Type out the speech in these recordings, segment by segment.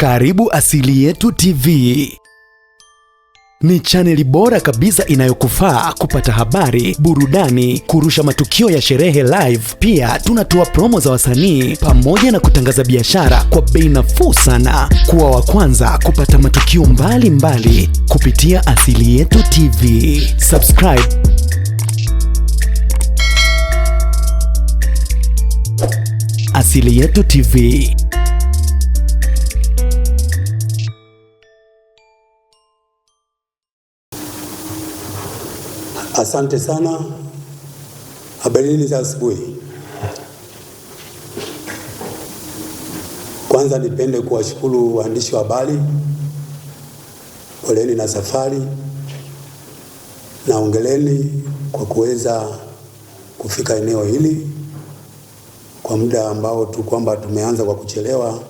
Karibu Asili Yetu TV ni chaneli bora kabisa inayokufaa kupata habari, burudani, kurusha matukio ya sherehe live. Pia tunatoa promo za wasanii pamoja na kutangaza biashara kwa bei nafuu sana. Kuwa wa kwanza kupata matukio mbalimbali mbali kupitia Asili Yetu TV. Subscribe. Asili Yetu TV. Asante sana. habari nini za asubuhi. Kwanza nipende kuwashukuru waandishi wa habari, poleni na safari na ongeleni kwa kuweza kufika eneo hili kwa muda ambao tu kwamba tumeanza kwa kuchelewa,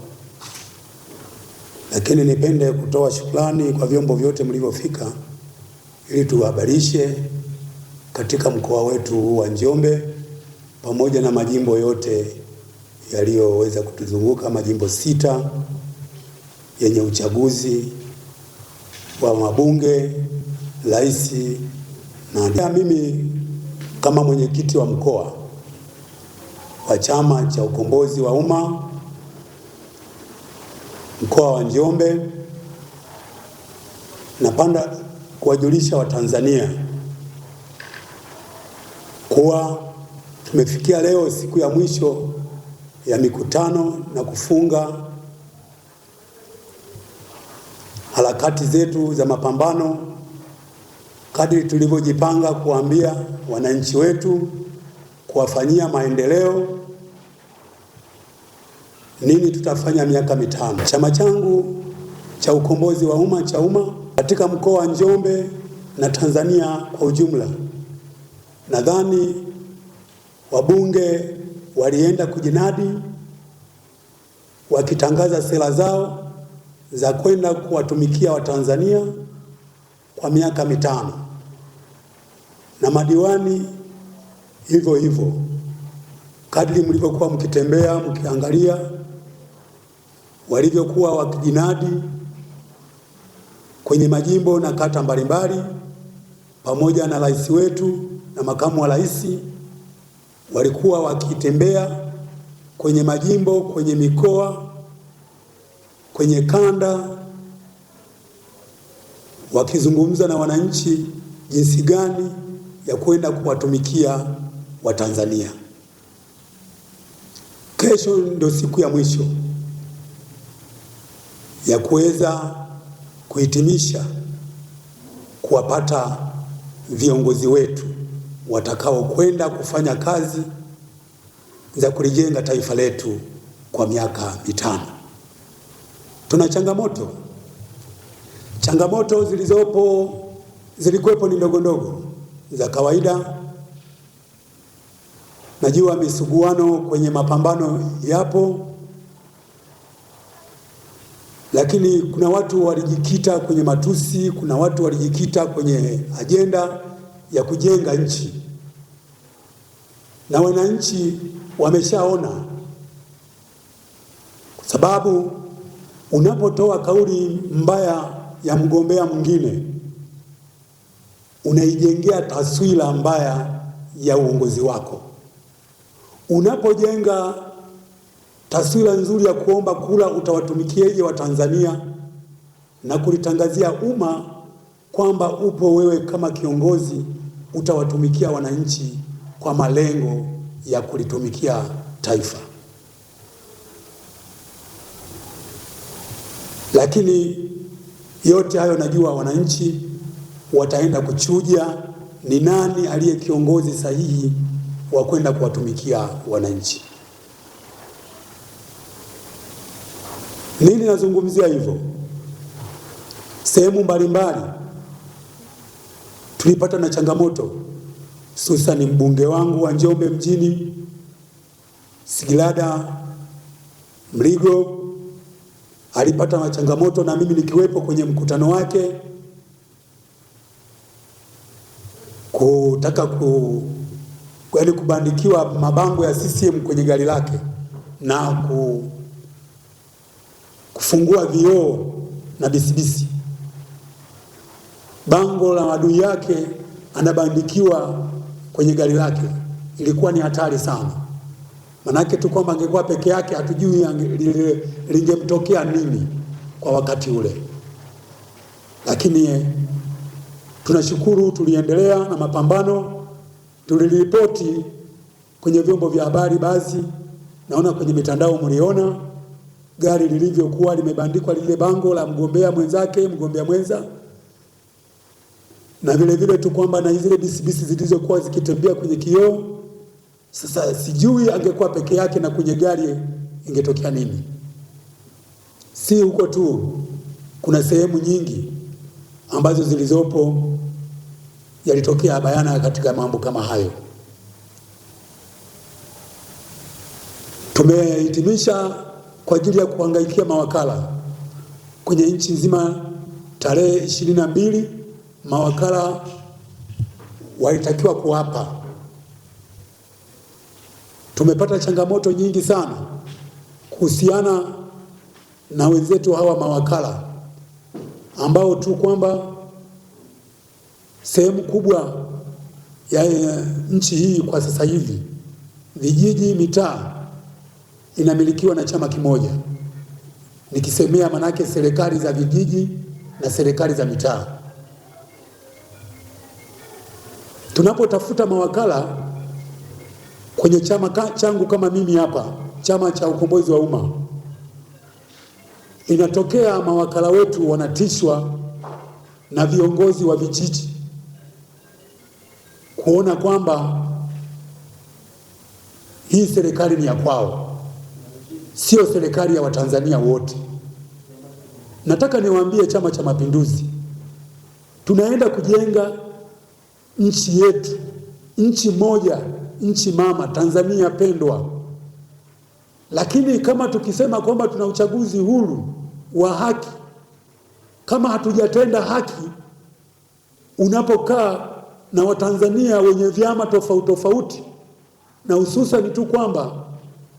lakini nipende kutoa shukrani kwa vyombo vyote mlivyofika ili tuhabarishe katika mkoa wetu wa Njombe pamoja na majimbo yote yaliyoweza kutuzunguka, majimbo sita yenye uchaguzi wa mabunge, rais na mimi kama mwenyekiti wa mkoa wa Chama cha Ukombozi wa Umma mkoa wa Njombe, napanda kuwajulisha Watanzania kuwa tumefikia leo siku ya mwisho ya mikutano na kufunga harakati zetu za mapambano kadri tulivyojipanga kuambia wananchi wetu, kuwafanyia maendeleo nini tutafanya miaka mitano. Chama changu cha ukombozi wa umma cha umma katika mkoa wa Njombe na Tanzania kwa ujumla Nadhani wabunge walienda kujinadi wakitangaza sera zao za kwenda kuwatumikia Watanzania kwa miaka mitano na madiwani hivyo hivyo. Kadri mlivyokuwa mkitembea mkiangalia walivyokuwa wakijinadi kwenye majimbo na kata mbalimbali, pamoja na rais wetu na makamu wa rais walikuwa wakitembea kwenye majimbo, kwenye mikoa, kwenye kanda, wakizungumza na wananchi jinsi gani ya kwenda kuwatumikia Watanzania. Kesho ndio siku ya mwisho ya kuweza kuhitimisha kuwapata viongozi wetu watakaokwenda kufanya kazi za kulijenga taifa letu kwa miaka mitano. Tuna changamoto. Changamoto zilizopo zilikuwepo ni ndogo ndogo za kawaida. Najua misuguano kwenye mapambano yapo, lakini kuna watu walijikita kwenye matusi, kuna watu walijikita kwenye ajenda ya kujenga nchi, na wananchi wameshaona, kwa sababu unapotoa kauli mbaya ya mgombea mwingine unaijengea taswira mbaya ya uongozi wako. Unapojenga taswira nzuri ya kuomba kura, wa Watanzania na kulitangazia umma kwamba upo wewe kama kiongozi utawatumikia wananchi kwa malengo ya kulitumikia taifa. Lakini yote hayo najua wananchi wataenda kuchuja ni nani aliye kiongozi sahihi wa kwenda kuwatumikia wananchi. Nini nazungumzia hivyo? Sehemu mbalimbali tulipata na changamoto hususani mbunge wangu wa Njombe mjini sigilada Mligo alipata na changamoto, na mimi nikiwepo kwenye mkutano wake kutaka ku kweli kubandikiwa mabango ya CCM kwenye gari lake na ku, kufungua vioo na bisibisi bango la maadui yake anabandikiwa kwenye gari lake. Ilikuwa ni hatari sana, manake tu kwamba angekuwa peke yake hatujui lingemtokea nini kwa wakati ule, lakini eh, tunashukuru tuliendelea na mapambano, tuliripoti kwenye vyombo vya habari, basi naona kwenye mitandao mliona gari lilivyokuwa limebandikwa lile bango la mgombea mwenzake, mgombea mwenza na vile vile tu kwamba na zile bisibisi zilizokuwa zikitembea kwenye kioo. Sasa sijui angekuwa peke yake na kwenye gari ingetokea nini? Si huko tu, kuna sehemu nyingi ambazo zilizopo yalitokea bayana katika mambo kama hayo. Tumehitimisha kwa ajili ya kuhangaikia mawakala kwenye nchi nzima tarehe ishirini na mbili mawakala walitakiwa kuapa. Tumepata changamoto nyingi sana kuhusiana na wenzetu hawa mawakala ambao tu kwamba sehemu kubwa ya eh, nchi hii kwa sasa hivi vijiji, mitaa inamilikiwa na chama kimoja. Nikisemea manake serikali za vijiji na serikali za mitaa. Tunapotafuta mawakala kwenye chama ka, changu kama mimi hapa chama cha ukombozi wa umma, inatokea mawakala wetu wanatishwa na viongozi wa vijiji kuona kwamba hii serikali ni ya kwao, sio serikali ya Watanzania wote. Nataka niwaambie Chama cha Mapinduzi tunaenda kujenga nchi yetu, nchi moja, nchi mama Tanzania pendwa. Lakini kama tukisema kwamba tuna uchaguzi huru wa haki, kama hatujatenda haki, unapokaa na Watanzania wenye vyama tofauti tofauti, na hususani tu kwamba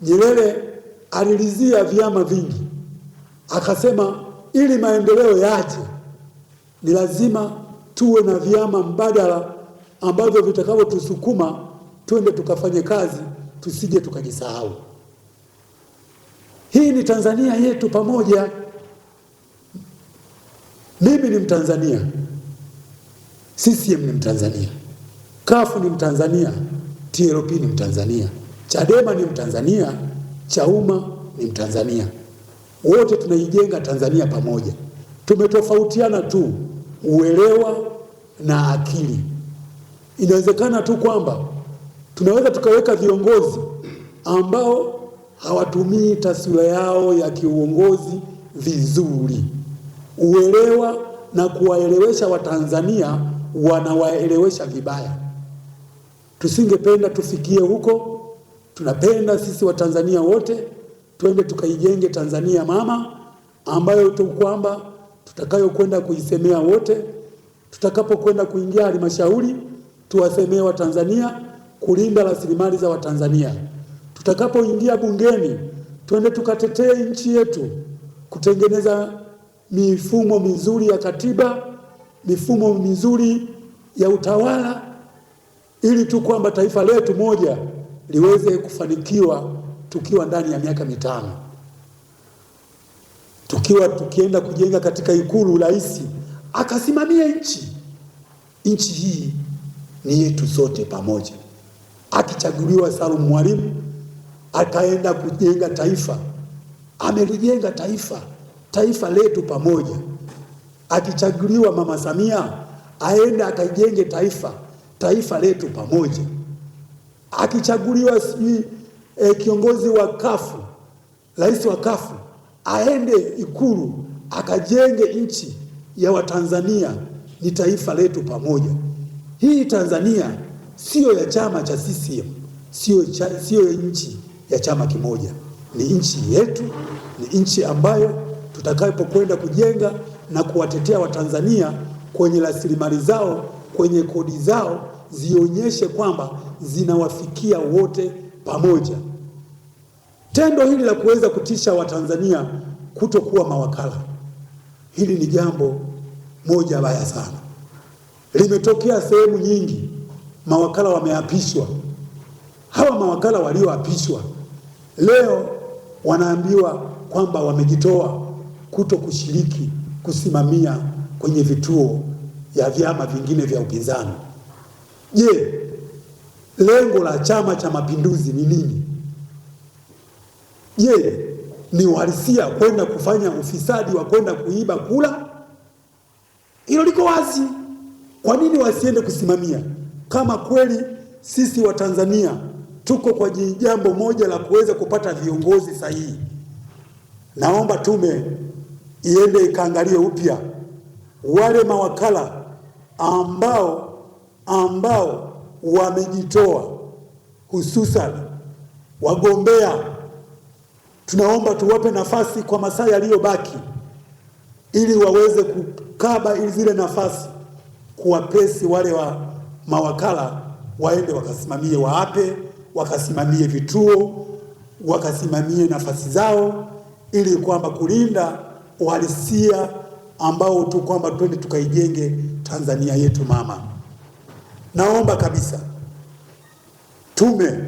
Nyerere alilizia vyama vingi, akasema ili maendeleo yaje ni lazima tuwe na vyama mbadala ambavyo vitakavyotusukuma twende tukafanye kazi, tusije tukajisahau. Hii ni Tanzania yetu pamoja. Mimi ni Mtanzania, CCM ni Mtanzania, kafu ni Mtanzania, TLP ni Mtanzania, Chadema ni Mtanzania, Chauma ni Mtanzania. Wote tunaijenga Tanzania pamoja. Tumetofautiana tu uelewa na akili, Inawezekana tu kwamba tunaweza tukaweka viongozi ambao hawatumii taswira yao ya kiuongozi vizuri, uelewa na kuwaelewesha Watanzania wanawaelewesha vibaya. Tusingependa tufikie huko. Tunapenda sisi Watanzania wote twende tukaijenge Tanzania mama ambayo tu kwamba tutakayokwenda kuisemea wote tutakapokwenda kuingia halmashauri tuwasemee Watanzania, kulinda rasilimali za Watanzania. Tutakapoingia bungeni, twende tukatetee nchi yetu, kutengeneza mifumo mizuri ya katiba, mifumo mizuri ya utawala, ili tu kwamba taifa letu moja liweze kufanikiwa tukiwa ndani ya miaka mitano, tukiwa tukienda kujenga katika Ikulu rais akasimamia nchi nchi hii ni yetu sote pamoja. Akichaguliwa Salum Mwalimu akaenda kujenga taifa, amelijenga taifa, taifa letu pamoja. Akichaguliwa Mama Samia aenda akajenge taifa, taifa letu pamoja. Akichaguliwa sijui e, kiongozi wa kafu rais wa kafu aende Ikulu akajenge nchi ya Watanzania, ni taifa letu pamoja. Hii Tanzania siyo ya chama cha CCM, siyo cha, nchi ya chama kimoja, ni nchi yetu, ni nchi ambayo tutakapokwenda kujenga na kuwatetea Watanzania kwenye rasilimali zao, kwenye kodi zao, zionyeshe kwamba zinawafikia wote pamoja. Tendo hili la kuweza kutisha Watanzania kutokuwa mawakala, hili ni jambo moja baya sana limetokea sehemu nyingi, mawakala wameapishwa. Hawa mawakala walioapishwa leo wanaambiwa kwamba wamejitoa kuto kushiriki kusimamia kwenye vituo ya vyama vingine vya upinzani. Je, lengo la Chama cha Mapinduzi ni nini? Je, ni uhalisia kwenda kufanya ufisadi wa kwenda kuiba kula? Hilo liko wazi. Kwa nini wasiende kusimamia? Kama kweli sisi Watanzania tuko kwa jambo moja la kuweza kupata viongozi sahihi, naomba tume iende ikaangalie upya wale mawakala ambao ambao wamejitoa, hususan wagombea, tunaomba tuwape nafasi kwa masaa yaliyobaki, ili waweze kukaba ili zile nafasi kuwapresi wale wa mawakala waende wakasimamie, waape, wakasimamie vituo, wakasimamie nafasi zao, ili kwamba kulinda uhalisia ambao tu kwamba twende tukaijenge Tanzania yetu mama. Naomba kabisa tume,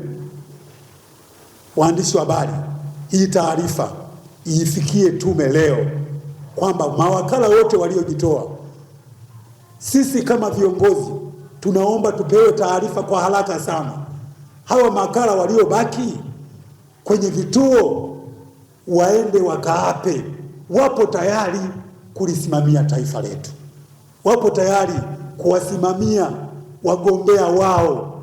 waandishi wa habari, hii taarifa iifikie tume leo kwamba mawakala wote waliojitoa sisi kama viongozi tunaomba tupewe taarifa kwa haraka sana, hawa makala waliobaki kwenye vituo waende wakaape, wapo tayari kulisimamia taifa letu, wapo tayari kuwasimamia wagombea wao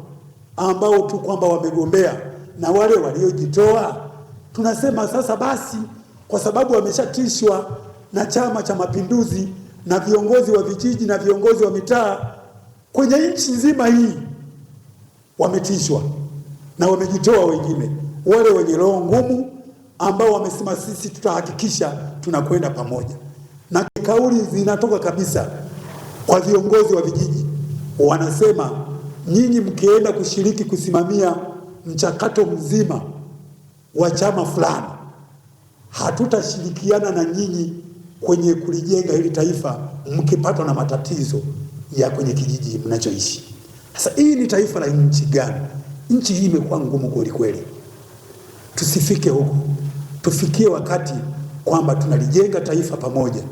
ambao tu kwamba wamegombea, na wale waliojitoa tunasema sasa basi, kwa sababu wameshatishwa na Chama cha Mapinduzi na viongozi wa vijiji na viongozi wa mitaa kwenye nchi nzima hii wametishwa na wamejitoa, wengine wale wenye roho ngumu ambao wamesema sisi tutahakikisha tunakwenda pamoja, na kauli zinatoka kabisa kwa viongozi wa vijiji, wanasema nyinyi mkienda kushiriki kusimamia mchakato mzima wa chama fulani hatutashirikiana na nyinyi kwenye kulijenga hili taifa mkipatwa na matatizo ya kwenye kijiji mnachoishi. Sasa hii ni taifa la nchi gani? Nchi hii imekuwa ngumu kweli kweli. Tusifike huko, tufikie wakati kwamba tunalijenga taifa pamoja,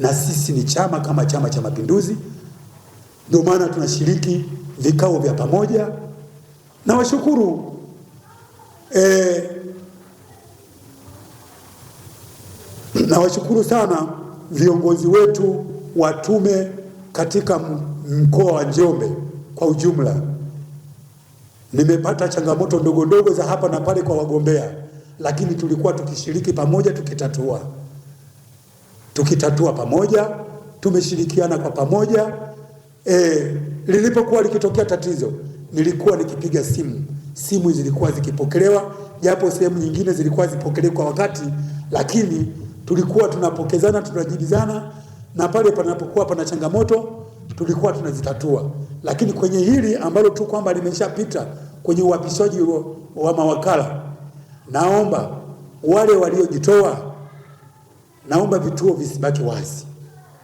na sisi ni chama kama Chama cha Mapinduzi. Ndio maana tunashiriki vikao vya pamoja na washukuru eh, Nawashukuru sana viongozi wetu wa tume katika mkoa wa Njombe kwa ujumla. Nimepata changamoto ndogo ndogo za hapa na pale kwa wagombea, lakini tulikuwa tukishiriki pamoja, tukitatua tukitatua pamoja, tumeshirikiana kwa pamoja. E, lilipokuwa likitokea tatizo nilikuwa nikipiga simu, simu zilikuwa zikipokelewa, japo sehemu nyingine zilikuwa zipokelewa kwa wakati, lakini tulikuwa tunapokezana, tunajibizana, na pale panapokuwa pana changamoto tulikuwa tunazitatua. Lakini kwenye hili ambalo tu kwamba limeshapita kwenye uapishaji wa mawakala, naomba wale waliojitoa, naomba vituo visibaki wazi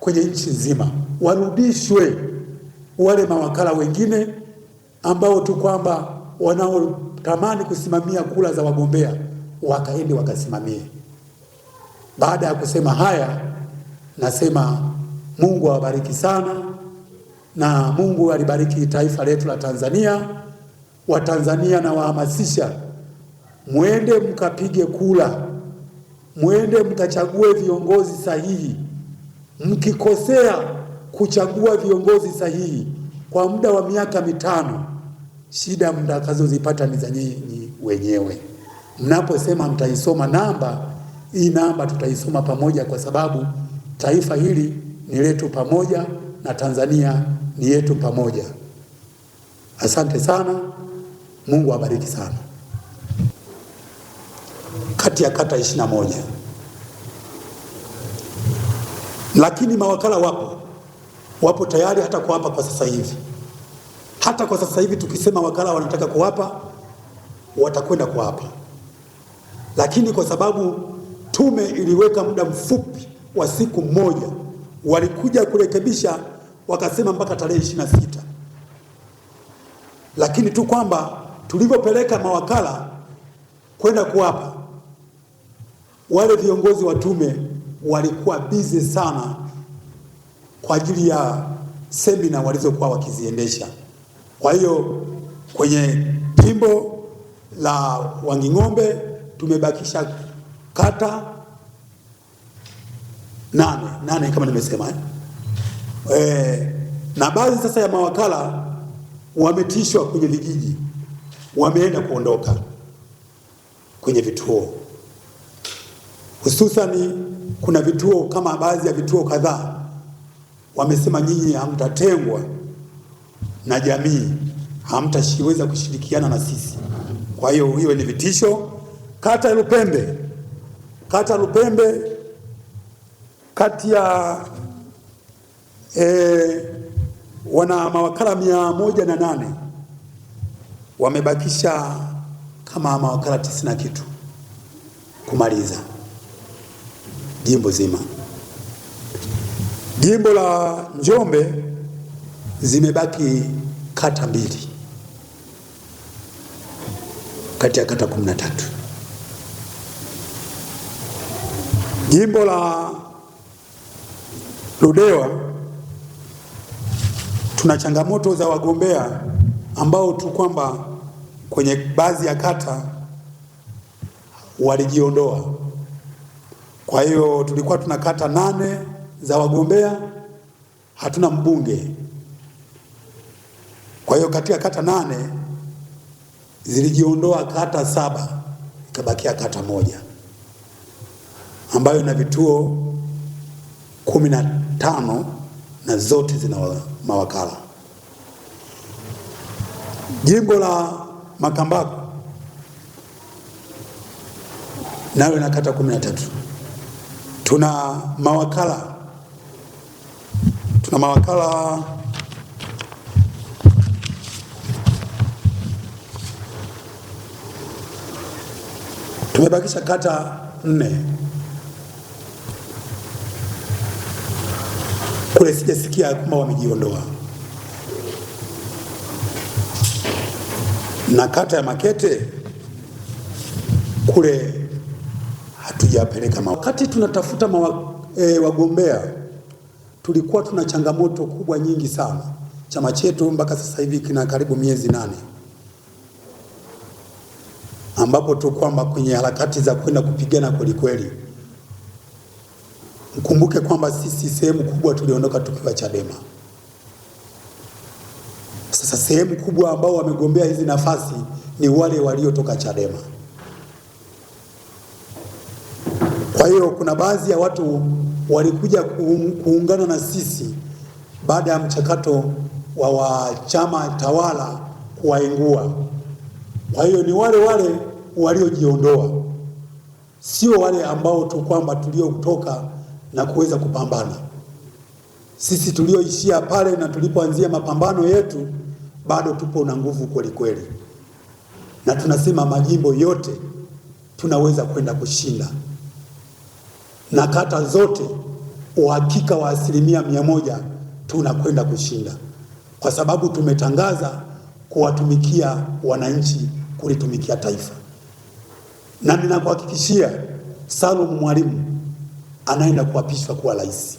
kwenye nchi nzima, warudishwe wale mawakala wengine ambao tu kwamba wanaotamani kusimamia kula za wagombea wakaende wakasimamie. Baada ya kusema haya, nasema Mungu awabariki sana, na Mungu alibariki taifa letu la Tanzania. Watanzania nawahamasisha, mwende mkapige kula, mwende mkachague viongozi sahihi. Mkikosea kuchagua viongozi sahihi kwa muda wa miaka mitano, shida mtakazozipata ni za nyinyi wenyewe. Mnaposema mtaisoma namba hii namba tutaisoma pamoja, kwa sababu taifa hili ni letu pamoja na Tanzania ni yetu pamoja. Asante sana, Mungu awabariki sana. Kati ya kata ishirini na moja lakini mawakala wapo, wapo tayari hata kuwapa kwa sasa hivi. Hata kwa sasa hivi tukisema wakala wanataka kuwapa, watakwenda kuwapa, lakini kwa sababu tume iliweka muda mfupi wa siku moja, walikuja kurekebisha wakasema mpaka tarehe ishirini na sita, lakini tu kwamba tulivyopeleka mawakala kwenda kuwapa wale viongozi wa tume walikuwa busy sana kwa ajili ya semina walizokuwa wakiziendesha. Kwa hiyo kwenye jimbo la Wanging'ombe tumebakisha kata nane nane kama nimesema eh? E, na baadhi sasa ya mawakala wametishwa kwenye vijiji, wameenda kuondoka kwenye vituo, hususani kuna vituo kama baadhi ya vituo kadhaa wamesema nyinyi hamtatengwa na jamii, hamtaweza kushirikiana na sisi. Kwa hiyo hiyo ni vitisho. Kata ya Lupembe kata Lupembe kati ya e, wana mawakala mia moja na nane wamebakisha kama mawakala tisini na kitu kumaliza jimbo zima. Jimbo la Njombe zimebaki kata mbili kati ya kata kumi na tatu. Jimbo la Ludewa tuna changamoto za wagombea ambao tu kwamba kwenye baadhi ya kata walijiondoa. Kwa hiyo tulikuwa tuna kata nane za wagombea, hatuna mbunge. Kwa hiyo katika kata nane zilijiondoa kata saba, ikabakia kata moja ambayo ina vituo kumi na tano na zote zina mawakala. Jimbo la Makambako nayo ina kata kumi na tatu. Tuna mawakala tuna mawakala tumebakisha kata nne. kule sijasikia kwamba wamejiondoa. Na kata ya Makete kule hatujapeleka Wakati tunatafuta mawa, e, wagombea tulikuwa tuna changamoto kubwa nyingi sana. Chama chetu mpaka sasa hivi kina karibu miezi nane ambapo tu kwamba kwenye harakati za kwenda kupigana kwelikweli Mkumbuke kwamba sisi sehemu kubwa tuliondoka tukiwa Chadema. Sasa sehemu kubwa ambao wamegombea hizi nafasi ni wale waliotoka Chadema. Kwa hiyo kuna baadhi ya watu walikuja kuungana na sisi baada ya mchakato wa, wa chama tawala kuwaingua. Kwa hiyo ni wale wale waliojiondoa, sio wale ambao tu kwamba tuliotoka na kuweza kupambana. Sisi tulioishia pale na tulipoanzia mapambano yetu bado tupo na nguvu kweli kweli, na tunasema majimbo yote tunaweza kwenda kushinda na kata zote, uhakika wa asilimia mia moja tunakwenda kushinda, kwa sababu tumetangaza kuwatumikia wananchi, kulitumikia taifa. Na ninakuhakikishia Salum Mwalimu anaenda kuapishwa kuwa rais.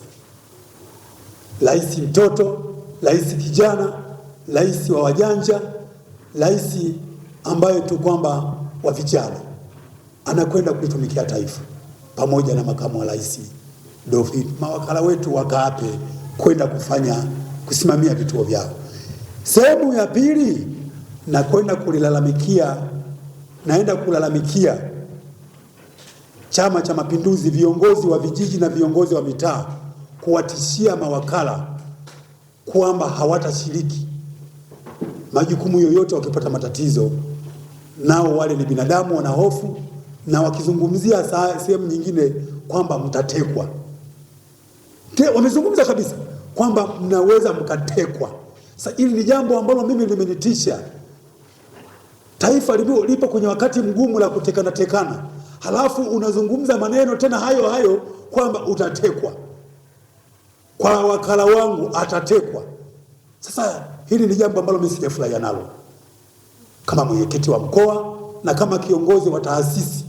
Rais mtoto, rais kijana, rais wa wajanja, rais ambaye tu kwamba wa vijana, anakwenda kulitumikia taifa pamoja na makamu wa rais. Ndio mawakala wetu wakaape kwenda kufanya kusimamia vituo vyao. Sehemu ya pili, nakwenda kulilalamikia, naenda kulalamikia Chama cha Mapinduzi, viongozi wa vijiji na viongozi wa mitaa kuwatishia mawakala kwamba hawatashiriki majukumu yoyote wakipata matatizo. Nao wale ni binadamu, wana hofu, na wakizungumzia sehemu nyingine kwamba mtatekwa, wamezungumza kabisa kwamba mnaweza mkatekwa. Sasa hili ni jambo ambalo mimi limenitisha. Taifa lipo kwenye wakati mgumu la kutekana tekana halafu unazungumza maneno tena hayo hayo kwamba utatekwa, kwa wakala wangu atatekwa. Sasa hili ni jambo ambalo mimi sijafurahia nalo kama mwenyekiti wa mkoa na kama kiongozi wa taasisi,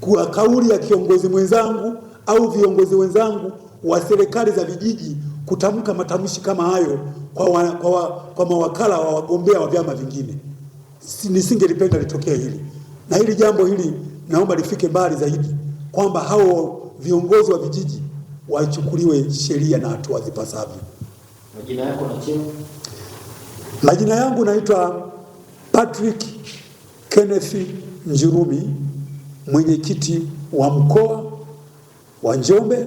kwa kauli ya kiongozi mwenzangu au viongozi wenzangu wa serikali za vijiji kutamka matamshi kama hayo kwa, wa, kwa, wa, kwa mawakala wa wagombea wa vyama vingine, nisingelipenda litokee hili na hili jambo hili naomba lifike mbali zaidi kwamba hao viongozi wa vijiji wachukuliwe sheria na hatua zipasavyo. Majina yako na cheo? Majina yangu naitwa Patrick Kenneth Njurumi, mwenyekiti wa mkoa wa Njombe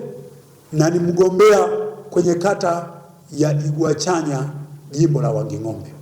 na ni mgombea kwenye kata ya Igwachanya jimbo la Wanging'ombe.